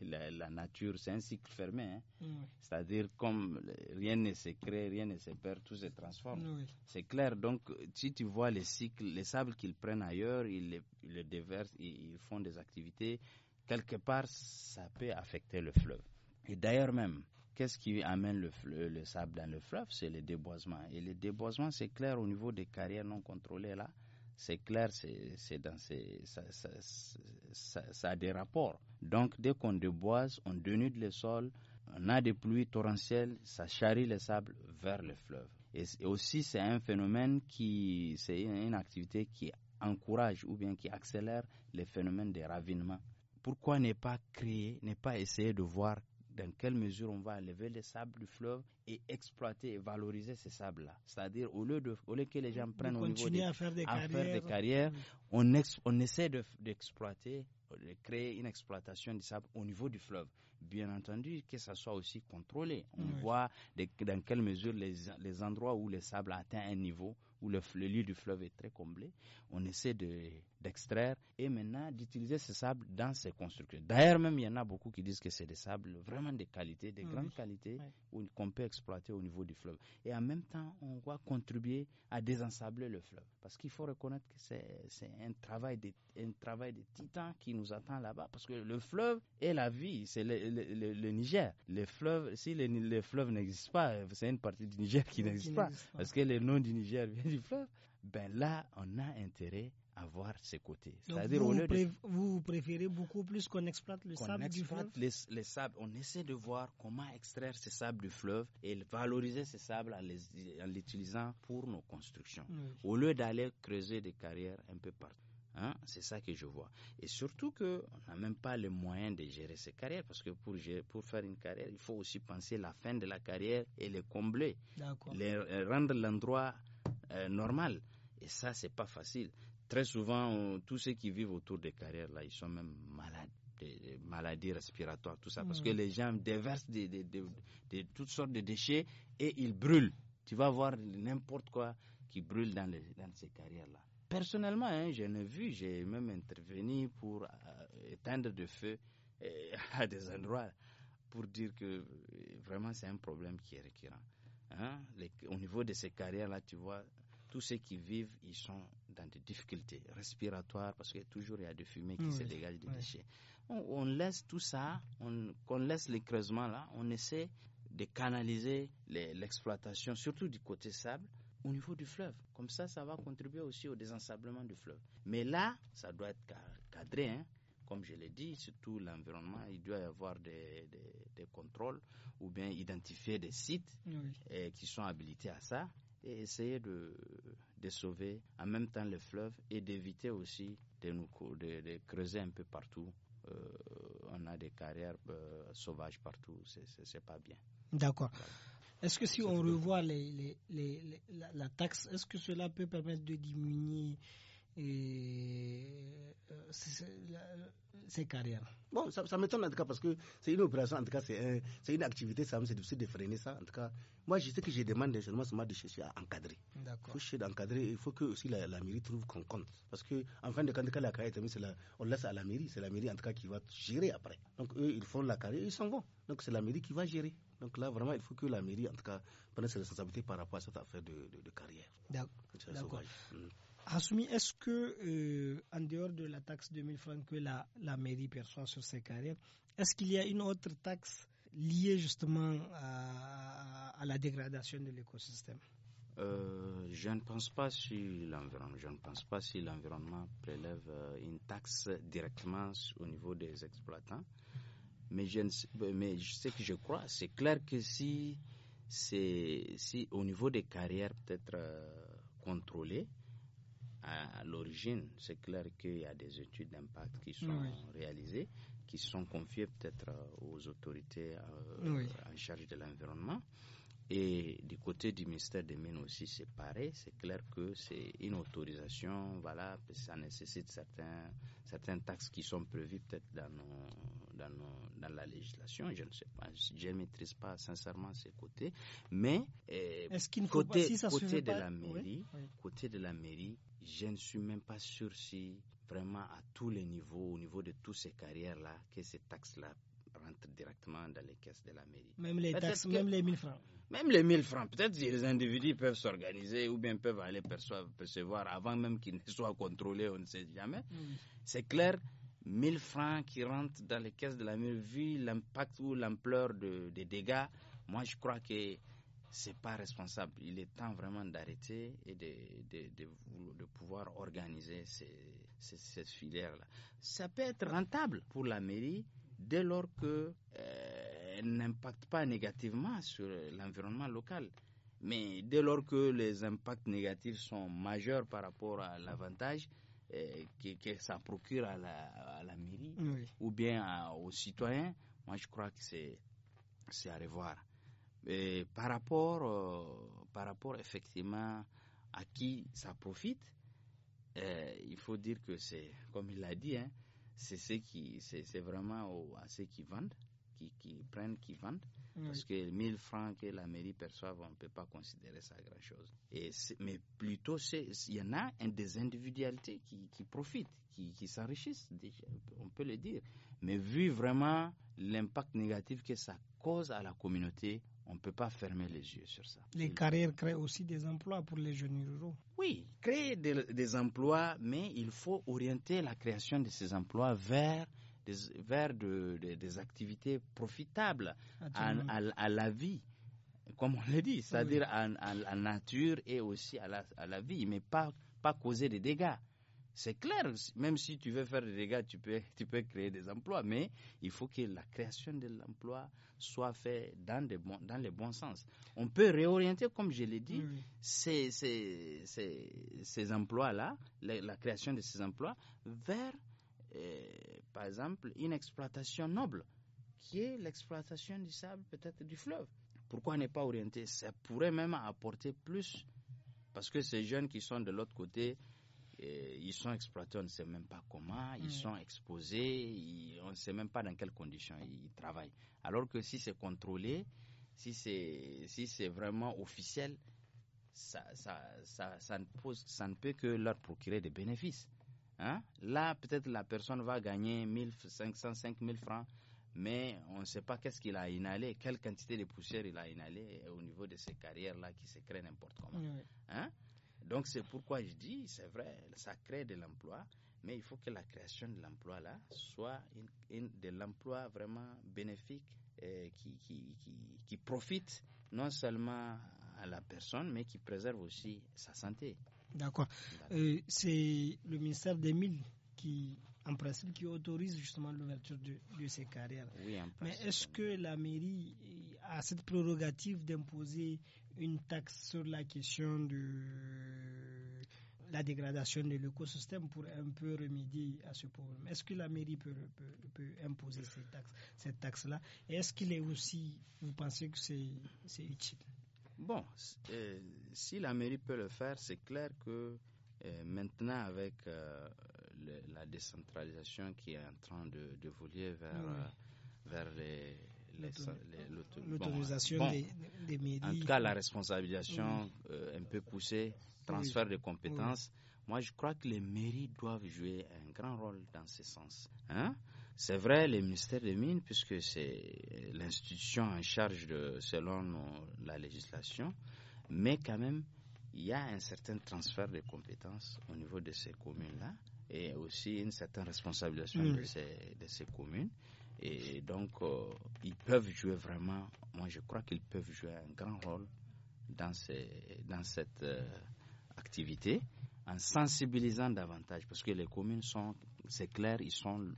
C: la, nature c'est un cycle fermé hein. mm, c'est-à-dire comme rien ne se crée rien ne se perd tout se transforme mm, c'est clair donc si tu vois les cycles les sables qu'ils prennent ailleurs ils les, déversent ils, font des activités quelque part ça peut affecter le fleuve et d'ailleurs même qu'est-ce qui amène le, fleuve, le, sable dans le fleuve C'est le déboisement. Et le déboisement, c'est clair au niveau des carrières non contrôlées là c'est clair, c'est dans ça, a des rapports. Donc dès qu'on déboise, on dénude le sol, on a des pluies torrentielles, ça charrie le sable vers le fleuve. Et, et aussi c'est un phénomène qui, c'est une activité qui encourage ou bien qui accélère les phénomènes de ravinement. Pourquoi ne pas créer, ne pas essayer de voir dans quelle mesure on va enlever les sables du fleuve et exploiter et valoriser ces sables-là. C'est-à-dire, au lieu de, au lieu que les gens prennent au niveau des, carrières, mm. on, on essaie d'exploiter de, créer une exploitation du sable au niveau du fleuve. Bien entendu, que ça soit aussi contrôlé. On voit dans quelle mesure les, les endroits où le sable atteint un niveau, où le, lieu du fleuve est très comblé, on essaie d'extraire et maintenant d'utiliser ce sable dans ces constructions. D'ailleurs, même, il y en a beaucoup qui disent que c'est des sables vraiment de qualité, de grande qualité, qu'on peut exploiter au niveau du fleuve. Et en même temps, on va contribuer à désensabler le fleuve. Parce qu'il faut reconnaître que c'est un travail, de, un travail de titan qui nous attend là-bas. Parce que le fleuve est la vie, c'est le, le, Niger. Les fleuves, si les, les fleuves n'existent pas, c'est une partie du Niger qui n'existe pas, pas. Parce que les noms du Niger viennent <laughs> du fleuve, ben là, on a intérêt à voir ses côtés. vous,
A: vous, préférez beaucoup plus qu'on exploite le sable du fleuve
C: les, sables. On essaie de voir comment extraire ces sables du fleuve et valoriser ces sables en l'utilisant pour nos constructions. Au lieu d'aller creuser des carrières un peu partout. Hein, c'est ça que je vois. Et surtout qu'on n'a même pas les moyens de gérer ces carrières, parce que pour, pour faire une carrière, il faut aussi penser la fin de la carrière et les combler, les, euh, rendre l'endroit euh, normal. Et ça, c'est pas facile. Très souvent, tous ceux qui vivent autour des carrières, là, ils sont même malades, des, maladies respiratoires, tout ça, parce que mm. les gens déversent des, toutes sortes de déchets et ils brûlent. Tu vas voir n'importe quoi qui brûle dans, ces carrières-là. Personnellement, hein, j'en vu, j'ai même intervenu pour euh, éteindre des feu euh, <laughs> à des endroits pour dire que vraiment c'est un problème qui est récurrent. Hein, au niveau de ces carrières-là, tu vois, tous ceux qui vivent, ils sont dans des difficultés respiratoires parce que toujours il y a des fumées qui se dégagent des déchets. On, laisse tout ça, on, on laisse les creusements là, on essaie de canaliser l'exploitation, surtout du côté sable, au niveau du fleuve. Comme ça, ça va contribuer aussi au désensablement du fleuve. Mais là, ça doit être cadré. Hein. Comme je l'ai dit, surtout l'environnement, il doit y avoir des, des, contrôles ou bien identifier des sites eh, qui sont habilités à ça et essayer de, de sauver en même temps le fleuve et d'éviter aussi de, nous, creuser un peu partout euh, on a des carrières euh, sauvages partout, c'est pas bien.
A: D'accord. Est-ce que si on revoit les, les, la, taxe, est-ce que cela peut permettre de diminuer et eh, ses carrières.
B: Bon, ça, ça m'étonne en tout cas parce que c'est une opération, en tout cas, c'est une activité, ça c'est difficile de freiner ça. En tout cas, moi, je sais que je demande des journalistes de chercher à encadrer. Il faut chercher il faut que aussi la, mairie trouve qu'on compte. Parce que, en fin de compte, quand la carrière est terminée, on laisse à la mairie, c'est la mairie en tout cas qui va gérer après. Donc, eux, ils font la carrière, ils s'en vont. Donc, c'est la mairie qui va gérer. Donc là, vraiment, il faut que la mairie, en tout cas, prenne ses responsabilités par rapport à cette affaire de, de carrière. D'accord.
A: Hassoumi, est-ce que, euh, en dehors de la taxe de 1000 francs que la, mairie perçoit sur ses carrières, est-ce qu'il y a une autre taxe liée justement à, la dégradation de l'écosystème
C: euh, je ne pense pas si l'environnement, je ne pense pas si l'environnement prélève euh, une taxe directement au niveau des exploitants. Mais je sais, que je crois, c'est clair que si c'est si au niveau des carrières peut-être contrôlé. contrôlées, à l'origine, c'est clair qu'il y a des études d'impact qui sont réalisées, qui sont confiées peut-être euh, aux autorités euh, en charge de l'environnement. Et du côté du ministère des Mines aussi, c'est pareil. C'est clair que c'est une autorisation, voilà, ça nécessite certains, certains taxes qui sont prévues peut-être dans, dans, dans, la législation. Je ne sais pas, je ne maîtrise pas sincèrement ces côtés. Mais eh, côté, côté de la mairie, côté de la mairie, je ne suis même pas sûr si vraiment à tous les niveaux, au niveau de toutes ces carrières-là, que ces taxes-là rentrent directement dans les caisses de la mairie.
A: Même les taxes, même les 1000 francs.
C: Même les 1000 francs. Peut-être que les individus peuvent s'organiser ou bien peuvent aller percevoir avant même qu'ils ne soient contrôlés, on ne sait jamais. Mm. C'est clair, 1000 francs qui rentrent dans les caisses de la mairie, vu l'impact ou l'ampleur de, des dégâts, moi je crois que c'est pas responsable. Il est temps vraiment d'arrêter et de, de, de, pouvoir organiser cette filière là Ça peut être rentable pour la mairie dès lors qu'elle euh, n'impacte pas négativement sur l'environnement local. Mais dès lors que les impacts négatifs sont majeurs par rapport à l'avantage, euh, que, ça procure à la, mairie ou bien aux citoyens, moi je crois que c'est à revoir par rapport, euh, par rapport effectivement à qui ça profite, euh, il faut dire que c'est, comme il l'a dit, hein, c'est qui, c'est vraiment à ceux qui vendent, qui, qui prennent, qui vendent, parce que 1000 francs que la mairie perçoit, on ne peut pas considérer ça grand chose. mais plutôt, il y en a des individualités qui, qui profitent, qui, qui s'enrichissent, on peut le dire. Mais vu vraiment l'impact négatif que ça cause à la communauté, on ne peut pas fermer les yeux sur ça.
A: Les carrières créent aussi des emplois pour les jeunes ruraux.
C: Oui, créer des, emplois, mais il faut orienter la création de ces emplois vers des, vers des activités profitables
A: à,
C: la vie, comme on le dit, c'est-à-dire à, la nature et aussi à la, vie, mais pas, pas causer des dégâts. C'est clair, même si tu veux faire des dégâts, tu peux, tu peux créer des emplois, mais il faut que la création de l'emploi soit faite dans, dans le bon sens. On peut réorienter, comme je l'ai dit, ces, ces, ces, emplois-là, la, création de ces emplois, vers, euh, par exemple, une exploitation noble, qui est l'exploitation du sable, peut-être du fleuve. Pourquoi n'est pas orienté Ça pourrait même apporter plus, parce que ces jeunes qui sont de l'autre côté, euh, ils sont exploités, on ne sait même pas comment, ils mm. sont exposés, on ne sait même pas dans quelles conditions ils travaillent. Alors que si c'est contrôlé, si c'est si vraiment officiel, ça, ça, ça, ça, ne pose, ça ne peut que leur procurer des bénéfices. Hein. Là, peut-être la personne va gagner 1500, 5000 francs, mais on ne sait pas qu'est-ce qu'il a inhalé, quelle quantité de poussière il a inhalé au niveau de ces carrières-là qui se créent n'importe comment. Hein? Donc c'est pourquoi je dis, c'est vrai, ça crée de l'emploi, mais il faut que la création de l'emploi là soit une, de l'emploi vraiment bénéfique et qui, qui, profite non seulement à la personne, mais qui préserve aussi sa santé.
A: D'accord. Euh, c'est le ministère des Mines qui, en principe, qui autorise justement l'ouverture de, de, ces carrières. Oui, en principe. Mais est-ce que la mairie a cette prérogative d'imposer une taxe sur la question de la dégradation de l'écosystème pour un peu remédier à ce problème. Est-ce que la mairie peut, peut, imposer cette taxe, cette taxe-là est-ce qu'il est aussi, vous pensez que c'est utile
C: Bon, euh, si la mairie peut le faire, c'est clair que euh, maintenant, avec euh, la décentralisation qui est en train de, de voler vers, vers les l'autorisation des,
A: des En tout cas,
C: la responsabilisation euh, un peu poussée, transfert de compétences. Moi, je crois que les mairies doivent jouer un grand rôle dans ce sens. Hein? C'est vrai, les ministères des Mines, puisque c'est l'institution en charge de, selon la législation, mais quand même, il y a un certain transfert de compétences au niveau de ces communes-là et aussi une certaine responsabilisation mm. de, ces, de, ces, communes. Et donc, euh, ils peuvent jouer vraiment, moi je crois qu'ils peuvent jouer un grand rôle dans, ces, dans cette euh, activité en sensibilisant davantage, parce que les communes sont c'est clair, ils sont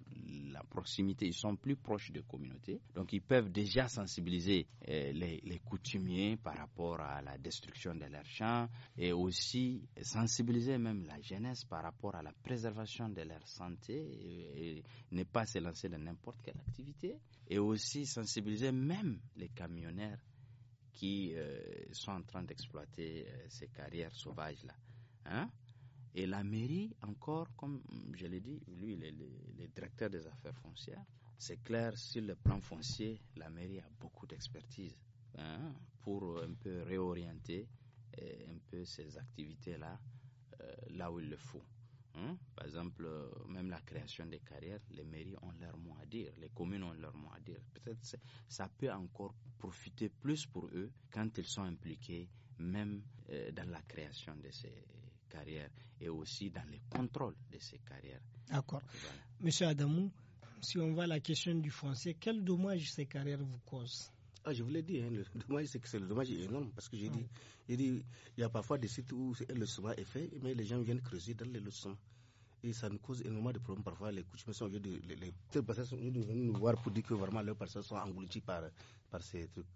C: la proximité, ils sont plus proches des communautés. Donc ils peuvent déjà sensibiliser euh, les, coutumiers par rapport à la destruction de leurs champs et aussi sensibiliser même la jeunesse par rapport à la préservation de leur santé et, ne pas se lancer dans n'importe quelle activité et aussi sensibiliser même les camionneurs qui euh, sont en train d'exploiter euh, ces carrières sauvages-là. Hein? Et la mairie, encore, comme je l'ai dit, lui, il est le directeur des affaires foncières. C'est clair, sur le plan foncier, la mairie a beaucoup d'expertise hein, pour un peu réorienter euh, un peu ces activités-là, euh, là où il le faut. Hein. Par exemple, euh, même la création des carrières, les mairies ont leur mot à dire, les communes ont leur mot à dire. Peut-être ça peut encore profiter plus pour eux quand ils sont impliqués, même dans la création de ces carrières et aussi dans le contrôle de ces carrières.
A: D'accord. Monsieur Adamou, si on va à la question du français, quel dommage ces carrières vous
B: causent ah, je vous l'ai dit, hein, le dommage, c'est que c'est le dommage est énorme parce que j'ai dit, il y a parfois des sites où le soin est fait, mais les gens viennent creuser dans les leçons. et ça nous cause énormément de problèmes. Parfois, les coutumes sont les, les, personnes sont nous voir pour dire que vraiment leurs personnes sont englouties par, par ces trucs.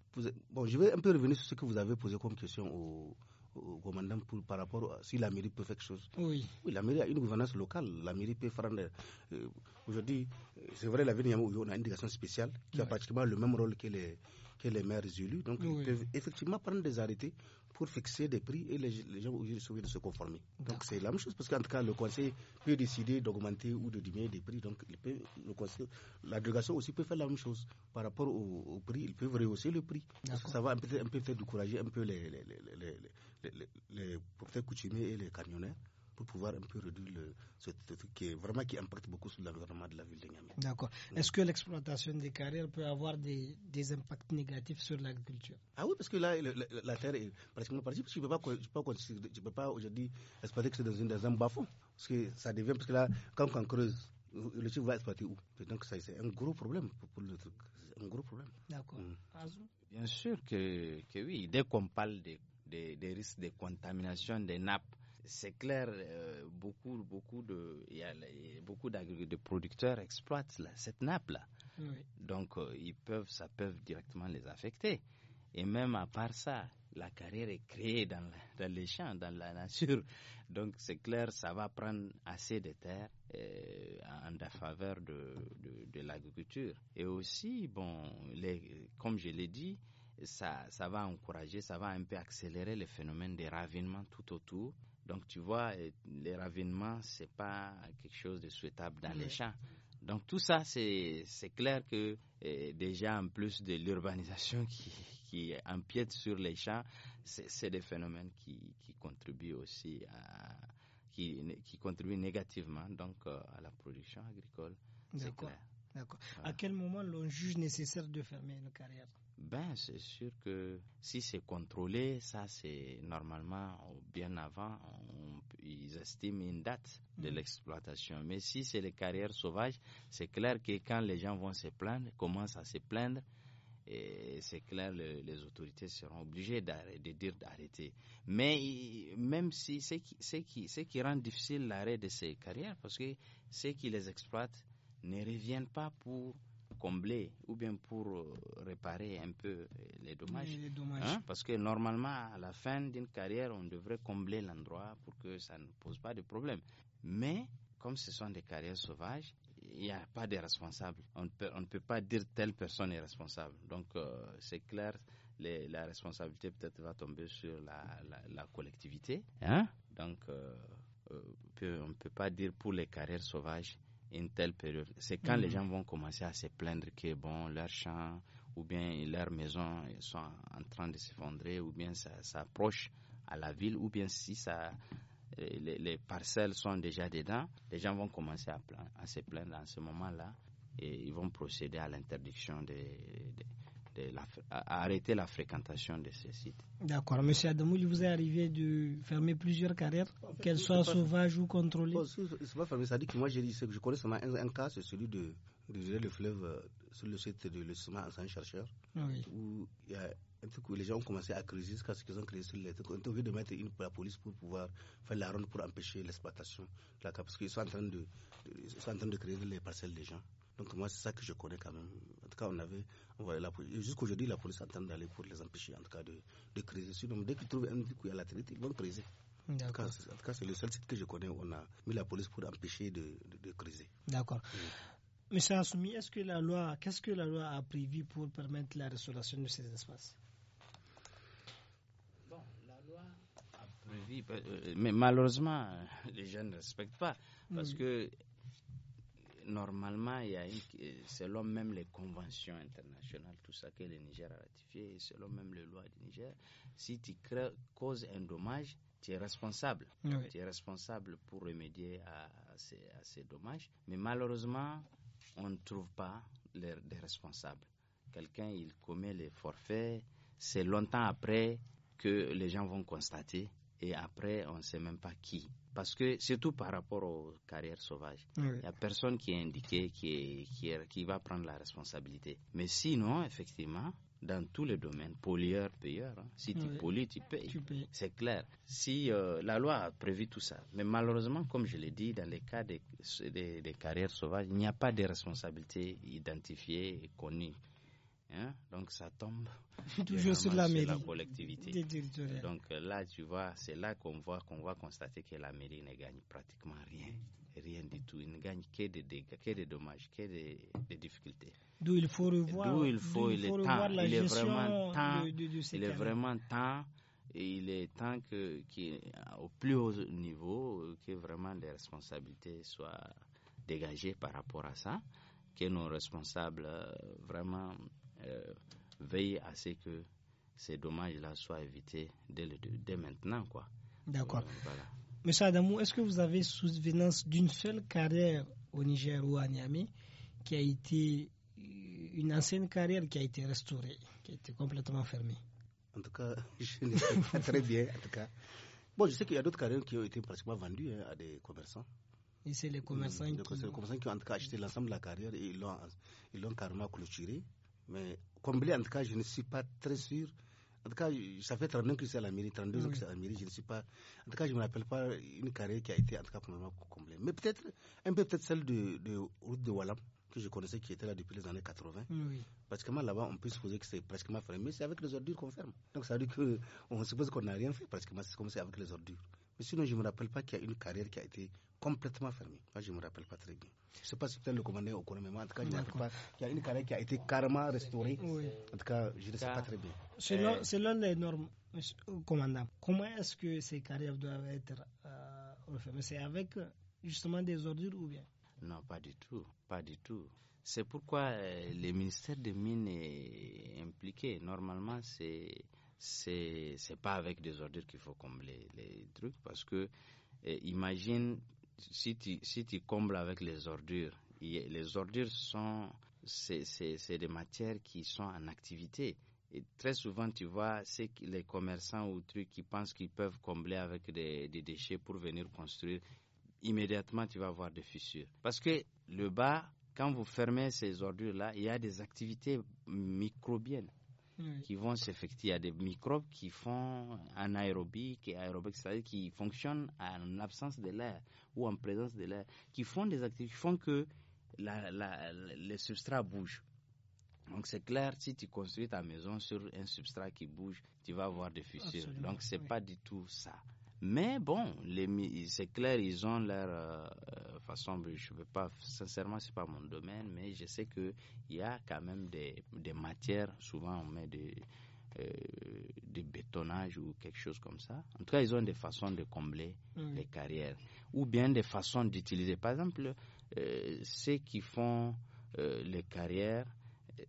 B: Bon, je vais un peu revenir sur ce que vous avez posé comme question au, au euh, commandant par rapport à si la mairie peut faire quelque chose. Oui. la mairie a une gouvernance locale. La mairie peut faire. Euh, aujourd'hui, euh, c'est vrai, la ville on a une délégation spéciale qui a pratiquement le même rôle que les, que les maires élus. Donc, ils peuvent effectivement prendre des arrêtés pour fixer des prix et les, gens gens obligés de se conformer. Donc, c'est la même chose parce qu'en tout cas, le conseil peut décider d'augmenter ou de diminuer des prix. Donc, le conseil, la aussi peut faire la même chose par rapport au, prix. Ils peuvent rehausser le prix. ça va un peu, un décourager un peu les, les les, les porteurs coutumiers et les camionneurs pour pouvoir un peu réduire le, ce, truc qui est vraiment qui impacte beaucoup sur l'environnement de la ville de Niamey.
A: D'accord. Est-ce que l'exploitation des carrières peut avoir des, impacts négatifs sur l'agriculture
B: Ah oui, parce que là, la, terre est pratiquement partie, parce que je ne peux pas, pas aujourd'hui exploiter que c'est dans, dans, un bas Parce que ça devient, parce que là, quand on creuse, le truc va exploiter où Donc c'est un gros problème pour, le truc. un gros problème. D'accord. Mm.
C: Bien sûr que, que oui. Dès qu'on parle des des, risques de contamination des nappes c'est clair, euh, beaucoup, beaucoup de, beaucoup de producteurs exploitent cette nappe là. Donc euh, ils peuvent, ça peut directement les affecter. Et même à part ça, la carrière est créée dans, les champs, dans la nature. Donc c'est clair, ça va prendre assez de terres euh, en faveur de, de, l'agriculture. Et aussi, bon, comme je l'ai dit, ça, ça va encourager, ça va un peu accélérer le phénomène des ravinements tout autour. Donc tu vois, les ravinements, c'est pas quelque chose de souhaitable dans les champs. Donc tout ça, c'est clair que eh, déjà en plus de l'urbanisation <laughs> qui, qui, empiète sur les champs, c'est des phénomènes qui, qui, contribuent aussi à, qui, qui contribuent négativement donc euh, à la production agricole.
A: D'accord. D'accord. À quel moment l'on juge nécessaire de fermer une carrière
C: ben, c'est sûr que si c'est contrôlé, ça c'est normalement bien avant, ils estiment une date de mm. l'exploitation. Mais si c'est les carrières sauvages, c'est clair que quand les gens vont se plaindre, commencent à se plaindre, c'est clair, que les autorités seront obligées de dire d'arrêter. Mais même si c'est qui, qui rend difficile l'arrêt de ces carrières, parce que ceux qui les exploitent ne reviennent pas pour combler ou bien pour euh, réparer un peu euh, les dommages. Hein? Parce que normalement, à la fin d'une carrière, on devrait combler l'endroit pour que ça ne pose pas de problème. Mais comme ce sont des carrières sauvages, il n'y a pas de responsable. On, ne peut pas dire telle personne est responsable. Donc, euh, c'est clair, la responsabilité peut-être va tomber sur la, collectivité. Hein? Donc, on ne peut pas dire pour les carrières sauvages, une telle période. C'est quand les mm-hmm. gens vont commencer à se plaindre que bon, leur champ ou bien leur maison ils sont en train de s'effondrer ou bien ça s'approche à la ville ou bien si ça les, parcelles sont déjà dedans, les gens vont commencer à, à se plaindre en ce moment-là et ils vont procéder à l'interdiction de... des à arrêter la fréquentation de ces sites.
A: D'accord. Monsieur Adamou, il vous est arrivé de fermer plusieurs carrières, qu'elles soient sauvages
B: ou contrôlées C'est oh, pas fermé, ça dit que moi, que je connais seulement un, cas, c'est celui de, de, le fleuve, euh, sur le site de le chercheur, où il y a les gens ont commencé à creuser jusqu'à ce qu'ils ont créé sur les trucs. On de mettre une, la police pour pouvoir faire la ronde pour empêcher l'exploitation parce qu'ils sont, en train de, sont en train de créer les parcelles des gens. Donc moi, c'est ça que je connais quand même. En tout cas, on avait, on la Jusqu'aujourd'hui, la police entend d'aller pour les empêcher, en tout cas, de, de criser dès qu'ils trouvent un truc où il la traite, ils vont criser. En tout cas, c'est le seul site que je connais où on a mis la police pour empêcher de, de, criser.
A: D'accord. Monsieur Assoumi, est-ce que la loi, qu'est-ce que la loi a prévu pour permettre la restauration de ces espaces
C: Bon, la loi a prévu, euh, mais malheureusement, <laughs> les gens ne respectent pas parce que normalement, il y a selon même les conventions internationales, tout ça que le Niger a ratifié, selon même les lois du Niger, si tu causes un dommage, tu es responsable. Tu es responsable pour remédier à, ces, dommages. Mais malheureusement, on ne trouve pas des responsables. Quelqu'un, il commet les forfaits, c'est longtemps après que les gens vont constater et après, on ne sait même pas qui. Parce que, surtout par rapport aux carrières sauvages, il n'y a personne qui est indiqué, qui, qui, va prendre la responsabilité. Mais sinon, effectivement, dans tous les domaines, pollueur, payeur. Hein. Si tu pollues, tu payes. C'est clair. Si euh, la loi a prévu tout ça, mais malheureusement, comme je l'ai dit, dans les cas des carrières sauvages, il n'y a pas de responsabilité identifiée et connue. Hein? Donc ça tombe
A: toujours sur la mairie, collectivité. Donc
C: là, tu vois, c'est là qu'on voit qu'on va constater que la mairie ne gagne pratiquement rien, rien du tout. Il ne gagne que des dégâts, que des dommages, que des, difficultés.
A: D'où il faut revoir. il La il vraiment il est vraiment
C: temps. Et il est temps que, au plus haut niveau, que vraiment les responsabilités soient dégagées par rapport à ça, que nos responsables euh, vraiment euh, Veillez à ce que ces dommages-là soient évités dès, maintenant. quoi.
A: D'accord. Euh, Monsieur Adamou, est-ce que vous avez souvenance d'une seule carrière au Niger ou à Niamey qui a été euh, une ancienne carrière qui a été restaurée, qui a été complètement fermée
B: En tout cas, <laughs> je ne sais pas très bien. En tout cas. Bon, je sais qu'il y a d'autres carrières qui ont été pratiquement vendues hein, à des commerçants. Et c'est les commerçants, mmh, qui... ont acheté l'ensemble de la carrière et ils l'ont carrément clôturée. Mais comblé, en tout cas, je ne suis pas très sûr. En tout cas, ça fait 30 ans que c'est à la mairie, 32 que c'est à la mairie, je ne suis pas. En tout cas, je ne me rappelle pas une carrière qui a été, en tout cas, pour moi, comblée. Mais peut-être, un peu peut-être celle de, de route de Wallam, que je connaissais, qui était là depuis les années 80. Oui. Parce que là-bas, on peut supposer que c'est pratiquement fermé, mais c'est avec les ordures qu'on ferme. Donc, ça veut dire qu'on suppose qu'on n'a rien fait, pratiquement, c'est comme c'est avec les ordures sinon, je ne me rappelle pas qu'il y a une carrière qui a été complètement fermée. Moi, je ne me rappelle pas très bien. Je ne sais pas si peut-être le commandant au courant, mais en tout cas, je ne me rappelle pas qu'il y a une carrière qui a été carrément restaurée. Oui. En tout cas, je ne sais pas très bien. Selon, euh... les normes, euh, commandant, comment est-ce que
A: ces carrières doivent être euh, refermées C'est avec justement des ordures ou bien
C: Non, pas du tout. Pas du tout. C'est pourquoi euh, le ministère des Mines est impliqué. Normalement, c'est c'est c'est pas avec des ordures qu'il faut combler les trucs parce que eh, imagine si tu si tu combles avec les ordures les ordures sont c'est des matières qui sont en activité et très souvent tu vois c'est les commerçants ou trucs qui pensent qu'ils peuvent combler avec des, des déchets pour venir construire immédiatement tu vas avoir des fissures parce que le bas quand vous fermez ces ordures là il y a des activités microbiennes qui vont s'effectuer à des microbes qui font anaérobique et aérobique, c'est-à-dire qui fonctionnent en absence de l'air ou en présence de l'air, qui font des activités qui font que la, la, le substrat bouge. Donc c'est clair, si tu construis ta maison sur un substrat qui bouge, tu vas avoir des fissures. Donc c'est n'est pas du tout ça. Mais bon, c'est clair, ils ont leur euh, euh, façon. Je veux pas, sincèrement, c'est pas mon domaine, mais je sais qu'il y a quand même des, des matières. Souvent, on met des, euh, bétonnage ou quelque chose comme ça. En tout cas, ils ont des façons de combler les carrières ou bien des façons d'utiliser. Par exemple, ceux qui font les carrières,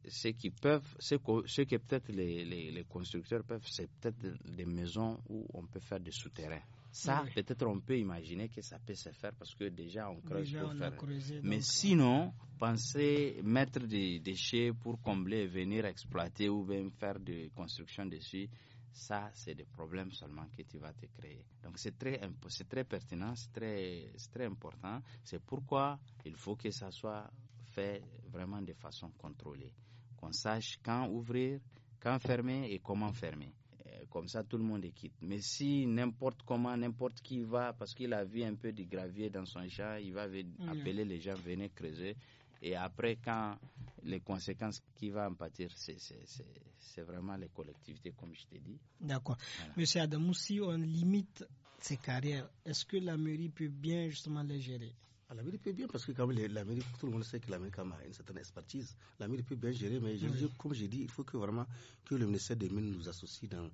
C: ce qui peuvent, ce que, peut-être les, constructeurs peuvent, c'est peut-être des maisons où on peut faire des souterrains. Ça, peut-être on peut imaginer que ça peut se faire parce que déjà on creuse pour faire. Mais sinon, euh, penser mettre des déchets pour combler, venir exploiter ou même faire des constructions dessus, ça, c'est des problèmes seulement que tu vas te créer. Donc, c'est très, c'est très pertinent, c'est très, très important. C'est pourquoi il faut que ça soit fait vraiment de façon contrôlée. Qu'on sache quand ouvrir, quand fermer et comment fermer. Euh, comme ça, tout le monde est quitte. Mais si n'importe comment, n'importe qui va, parce qu'il a vu un peu de gravier dans son champ, il va mm. appeler les gens, venez creuser. Et après, quand les conséquences qui vont en pâtir, c'est vraiment les collectivités, comme je t'ai dit.
A: D'accord. Monsieur Adamou, si on limite ces carrières, est-ce que la mairie peut bien justement les gérer
B: l'Amérique peut bien, parce que quand l'Amérique, tout le monde sait que l'Amérique a une certaine expertise. L'Amérique peut bien gérer, mais je, comme j'ai dit, il faut que vraiment que le ministère des Mines nous associe dans,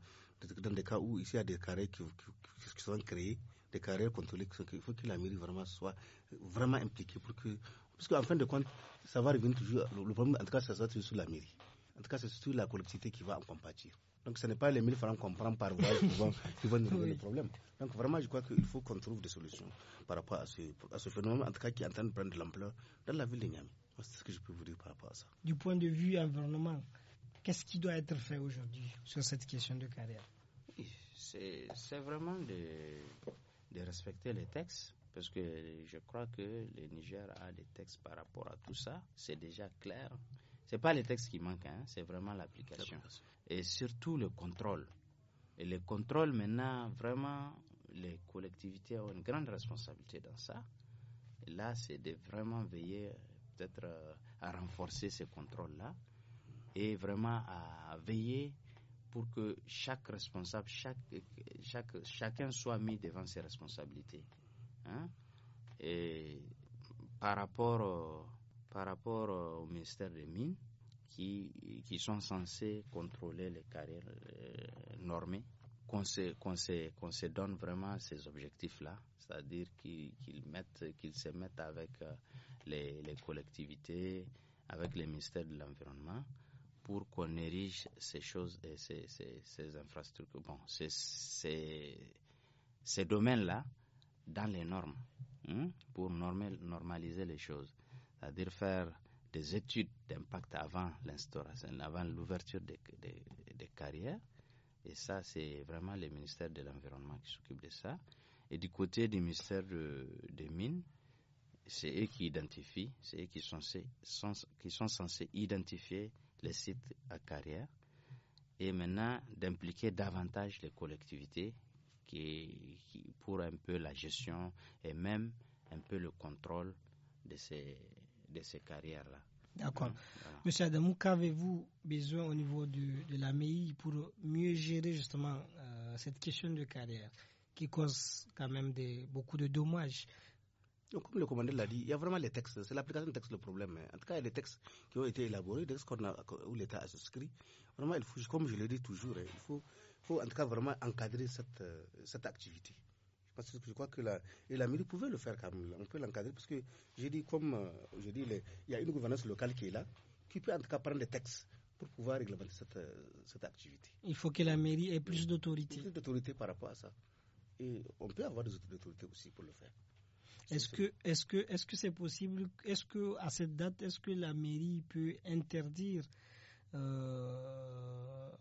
B: dans des cas où il y a des carrières qui, sont créées, des carrières contrôlées, Il faut que l'Amérique vraiment soit vraiment impliquée pour que. Parce qu'en fin de compte, ça va revenir toujours. Le problème, en tout cas, ça sera toujours sur la mairie. En tout cas, c'est surtout la collectivité qui va en compatir. Donc ce n'est pas les mille francs qu'on prend par voie qui vont, nous donner le problème. Donc vraiment, je crois qu'il faut qu'on trouve des solutions par rapport à ce, phénomène, en tout cas qui est en train de prendre de l'ampleur dans la ville de Niamey. C'est ce que je peux vous dire par rapport à ça.
A: Du point de vue environnement, qu'est-ce qui doit être fait aujourd'hui sur cette question de carrière
B: C'est vraiment
C: de, de respecter les textes parce que je crois que le Niger a des textes par rapport à tout ça. C'est déjà clair. Ce n'est pas les textes qui manquent, hein, c'est vraiment l'application. Et surtout le contrôle. Et le contrôle, maintenant, vraiment, les collectivités ont une grande responsabilité dans ça. Et là, c'est de vraiment veiller peut-être euh, à renforcer ces contrôles-là et vraiment à veiller pour que chaque responsable, chaque, chaque, chacun soit mis devant ses responsabilités. Hein. Et par rapport par rapport au ministère des Mines qui, qui sont censés contrôler les carrières euh, normées, qu'on se, se, donne vraiment ces objectifs-là, c'est-à-dire qu'ils qu'ils se mettent avec euh, les, collectivités, avec les ministères de l'Environnement, pour qu'on érige ces choses, et ces, ces, infrastructures, bon, ces, ces domaines-là dans les normes, hein, pour normaliser les choses c'est-à-dire faire des études d'impact avant l'instauration, avant l'ouverture des, des, carrières. Et ça, c'est vraiment le ministère de l'Environnement qui s'occupe de ça. Et du côté du ministère des Mines, c'est eux qui identifient, c'est eux qui sont, qui sont censés identifier les sites à carrière et maintenant d'impliquer davantage les collectivités qui, pour un peu la gestion et même un peu le contrôle de ces, de ces carrières-là.
A: D'accord. Monsieur Adamou, qu'avez-vous besoin au niveau de, de la pour mieux gérer justement euh, cette question de carrière qui cause
B: quand même des, beaucoup de dommages comme le commandant l'a dit, il y a vraiment les textes. C'est l'application des textes le problème. Hein. En tout cas, il y a des textes qui ont été élaborés, des textes a, où l'État a souscrit. Vraiment, il faut, comme je le dis toujours, hein, il faut, faut en tout cas vraiment encadrer cette, euh, cette activité. Parce que je crois que la, mairie pouvait le faire quand On peut l'encadrer parce que j'ai dit, comme euh, je dis, il y a une gouvernance locale qui est là, qui peut en tout cas prendre des textes pour pouvoir réglementer euh, cette, activité.
A: Il faut que la mairie ait plus d'autorité.
B: Plus d'autorité par rapport à ça. Et on peut avoir des autorités aussi pour le faire.
A: Est-ce que, c'est possible Est-ce que à cette date, est-ce que la mairie peut interdire euh,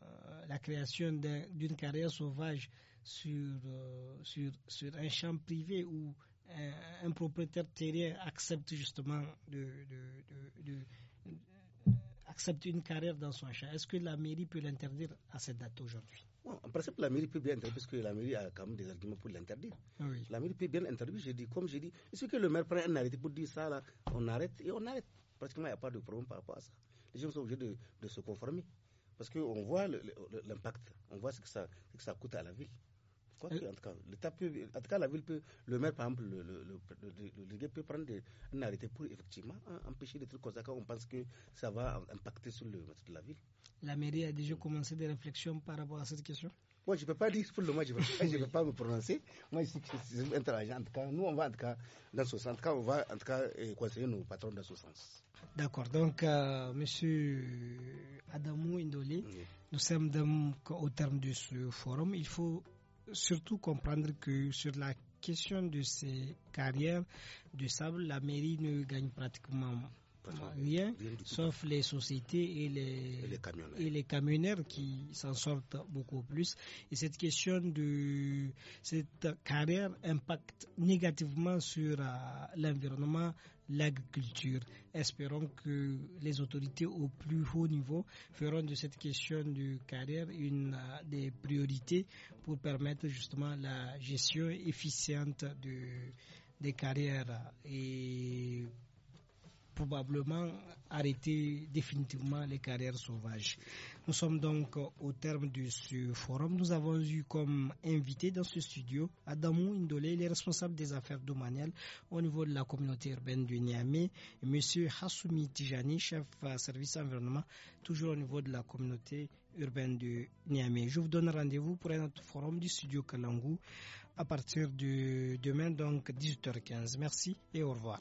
A: la création d'une carrière sauvage sur, euh, sur, sur un champ privé où un, propriétaire terrien accepte justement de, euh, accepte une carrière dans son champ. Est-ce que la mairie peut l'interdire à cette date aujourd'hui
B: Bon, en principe, la mairie peut bien interdire, parce que la mairie a quand même des arguments pour l'interdire. Ah la mairie peut bien interdire, j'ai dit, comme j'ai dit, est-ce que le maire prend un arrêté pour dire ça, là, on arrête et on arrête Pratiquement, il n'y a pas de problème par rapport à ça. Les gens sont obligés de, de se conformer, parce qu'on voit l'impact, on voit ce que, ça, ce que ça coûte à la ville tout cas, l'État peut, en tout cas, la ville peut, le maire, par exemple, le, le, peut prendre un arrêté pour effectivement empêcher des trucs on pense que ça va impacter sur le de la ville.
A: La mairie a déjà commencé des réflexions par rapport à cette question
B: Moi, je ne peux pas dire, pour le moment, je ne peux, pas me prononcer. Moi, je suis interagent. En tout cas, nous, on va en tout cas dans ce sens. En tout cas, on va en tout cas eh, conseiller nos patrons dans ce sens.
A: D'accord. Donc, euh, monsieur Adamou Indoli, nous sommes au terme de ce forum. Il faut surtout comprendre que sur la question de ces carrières de sable, la mairie ne gagne pratiquement rien, sauf les sociétés et les, et les, camionneurs. qui s'en sortent beaucoup plus. Et cette question de cette carrière impacte négativement sur euh, l'environnement, l'agriculture. Espérons que les autorités au plus haut niveau feront de cette question de carrière une euh, des priorités pour permettre justement la gestion efficiente des carrières et probablement arrêter définitivement les carrières sauvages. Nous sommes donc euh, au terme de ce forum. Nous avons eu comme invité dans ce studio Adamou Indole, les responsables des affaires domaniales au niveau de la communauté urbaine du Niamey, et Monsieur Hassoumi Tijani, chef euh, service environnement, toujours au niveau de la communauté urbaine de Niamey. Je vous donne rendez-vous pour un autre forum du studio Kalangou à partir de demain, donc 18h15. Merci et au revoir.